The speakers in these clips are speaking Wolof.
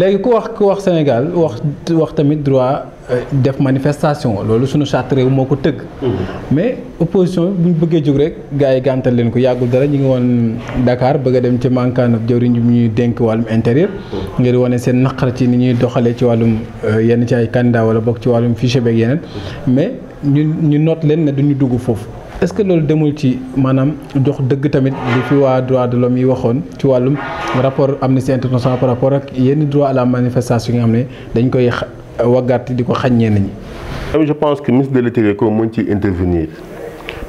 léegi ku wax ku wax Sénégal wax wax tamit droit euh, def manifestation loolu sunu charte moo ko tëgg. Mm-hmm. mais opposition bu ñu bëggee jóg rek gars yi gàntal leen ko yàggul dara ñu ngi woon Dakar bëgg a dem ci mankaanab jëwriñ bi ñuy dénk wàllum intérieur. Mm-hmm. ngir wane seen naqar ci ni ñuy doxalee ci wàllum euh, yenn ci ay candidat wala bokk ci wàllum fichier beeg yeneen mm-hmm. mais ñu ñu noot leen du duñu dugg foofu. est-ce que loolu demul ci maanaam jox dëgg tamit li fi waa droit de l'homme yi waxoon ci wàllum rapport Amnesty International par rapport ak yenn droit la manifestation yi nga xam ne dañ koy waggaati di ko xaññee nañu. Ah je pense que ministre de l'Intérieur ko mën ci intervenir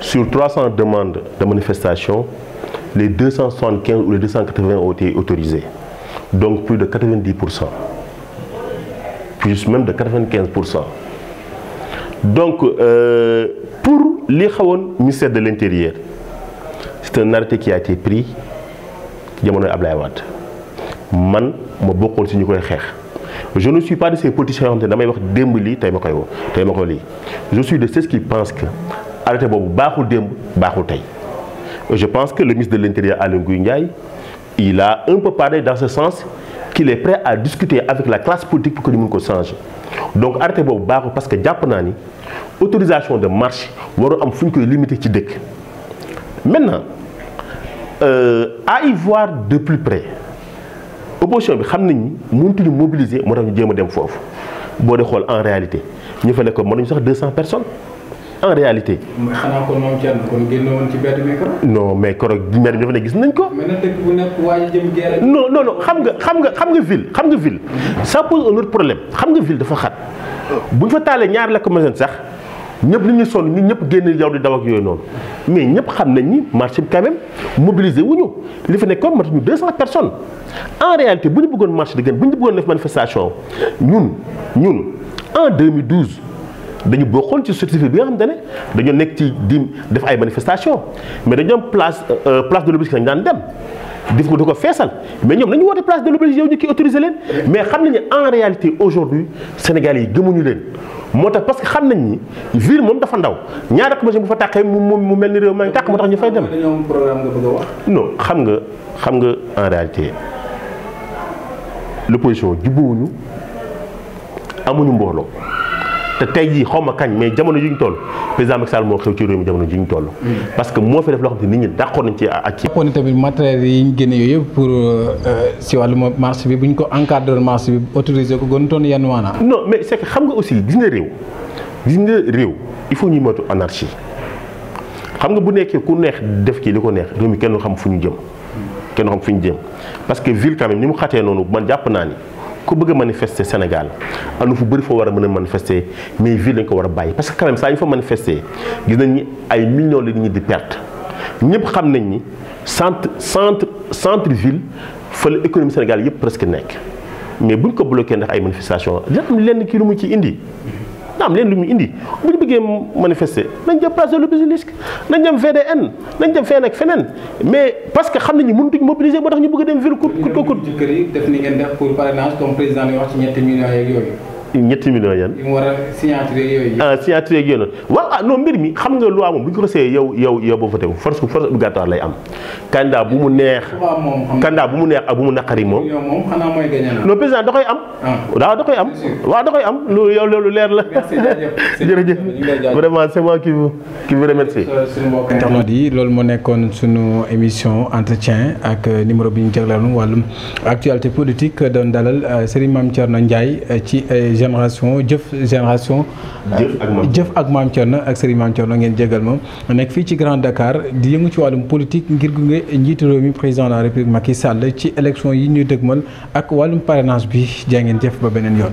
sur 300 demandes de manifestation les 275 ou les 280 ont été autorisées donc plus de 90 pour cent plus même de 95 pour cent. donc euh, pour li xawoon ministère de l'intérieur c'est un arrêté qui a été pris jamono Ablaye Wade man ma bokkoon si ñu koy xeex je ne suis pas de ces politiciens yoo damay wax démb lii tey ma koy woo tey ma koy lii je suis de ceux qui pensent que arrêté boobu baaxul démb baaxul tey je pense que le ministre de l'intérieur Aly Ngouille Ndiaye il a un peu parlé dans ce sens qu'il est prêt à discuter avec la classe politique pour que ñu mun ko changer donc arrêté boobu baaxul parce que jàpp naa ni autorisation de marché waroo am fu ñu koy limiter ci dëkk. maintenant euh, à y voir de plus près opposition bi xam nañ ni mëntuñu mobiliser moo tax ñu jéem a dem foofu boo dee xool en réalité ñu fa nekkoon mën nañu sax 200 personnes. en réalité. mooy mais kon moom Thierno kon génne mais dafa ne gis nañ ko. mais nag dëkk xam nga xam nga xam nga ville xam nga ville. Mm-hmm. ça pose un problème xam nga ville dafa xat bu ñu fa taalee ñaari la lacrymogène sax ñëpp li ñu sonn ñu ñëpp génn yow di daw ak yooyu noonu mais ñëpp xam nañ ni marché bi quand même mobilisé wuñu li fa nekkoon mat ñu 200 personnes en réalité bu ñu bëggoon marché di gën bu ñu bëggoon def manifestation ñun ñun en dañu boo xool ci société bi nga xam te ne dañoo nekk ci di def ay manifestation mais dañoo am place euh, place de l'Obélisque nañ daan dem dif ko di ko feesal mais ñoom nañu woote place de l'Obélisque ñu kii autorisé leen mais xam nañu en réalité aujourd'hui Sénégal yi gëmuñu leen moo tax parce que xam nañ ni ville moom dafa ndaw ñaari commission bu fa tàqee mu mu mel ni réew maa ngi tàq moo tax ñu fay dem non xam nga xam nga en réalité l'opposition jubboowuñu amuñu mbooloo te tey jii xaw ma kañ mais jamono ji ñu toll président Macky Sall moo xew ci réew jamono ji ñu toll. parce que moo fi def loo xam ne nit ñi d'accord nañ ci ak ci. jàppoon ni tamit matériel yi pour euh, si wàllu marché bi bu ñu ko encadré marché ko gën yenn maanaam. non mais c'est xam nga aussi gis réew gis réew il faut ñuy moytu anarchie xam nga bu nekkee ku neex def ci li ko neex réew mi kenn xam fu ñu jëm. kenn xam fu ñu jëm parce que ville quand ni mu xatee noonu man jàpp naa ni. ku bëgg a manifester Sénégal am na fu bëri foo war a mën a manifester mais ville dañ ko war a bàyyi parce que quand même saa ñu fa manifester gis nañ ni ay millions la nit di perte ñëpp xam nañ ni centre centre centre ville fa la économie Sénégal yëpp presque nekk mais buñ ko bloqué ndax ay manifestation dina am lenn kii lu mu ci indi. am leen lu muy indi bu ñu bëggee manifester nañ jëm place de l'Obélisque nañ jëm VDN nañ jëm feneen ak feneen mais parce que xam nañu mënatuñ mobiliser moo tax ñu bëgg a dem ville courte courte courte. ci kër yi def ni ngeen def pour parrainage comme président li wax ci ñetti millions yeeg yan. signature yooyu. Ah, waaw ah non mbir mi xam nga lu moom bu ñu ko rosee yow yow yow boo fa teew force force obligatoire lay am candidat bu mu neex. candidat bu mu neex ak bu mu naqari moom. yow moom xanaa mooy gañe da koy am. Ah. waaw da koy am. waaw da koy am loolu yow loolu leer la. jërëjëf vraiment a moi qui vous qui vous remercie. Euh, yi loolu moo nekkoon sunu émission entretien ak euh, numéro bi ñu jagleeloon wàllum actualité politique doon dalal euh, Serigne Mame Thierno Ndiaye ci génération jëf génération. jëf ak Mame Thierno ak Serigne Mame Thierno ngeen jégal ma nekk fii ci Grand Dakar di yëngu ci wàllum politique ngir gunge. jàppale mi président la république Macky Sall ci élection yi ñuy dëgmal ak wàllum parrainage bi jaa ngeen jëf ba beneen yoon.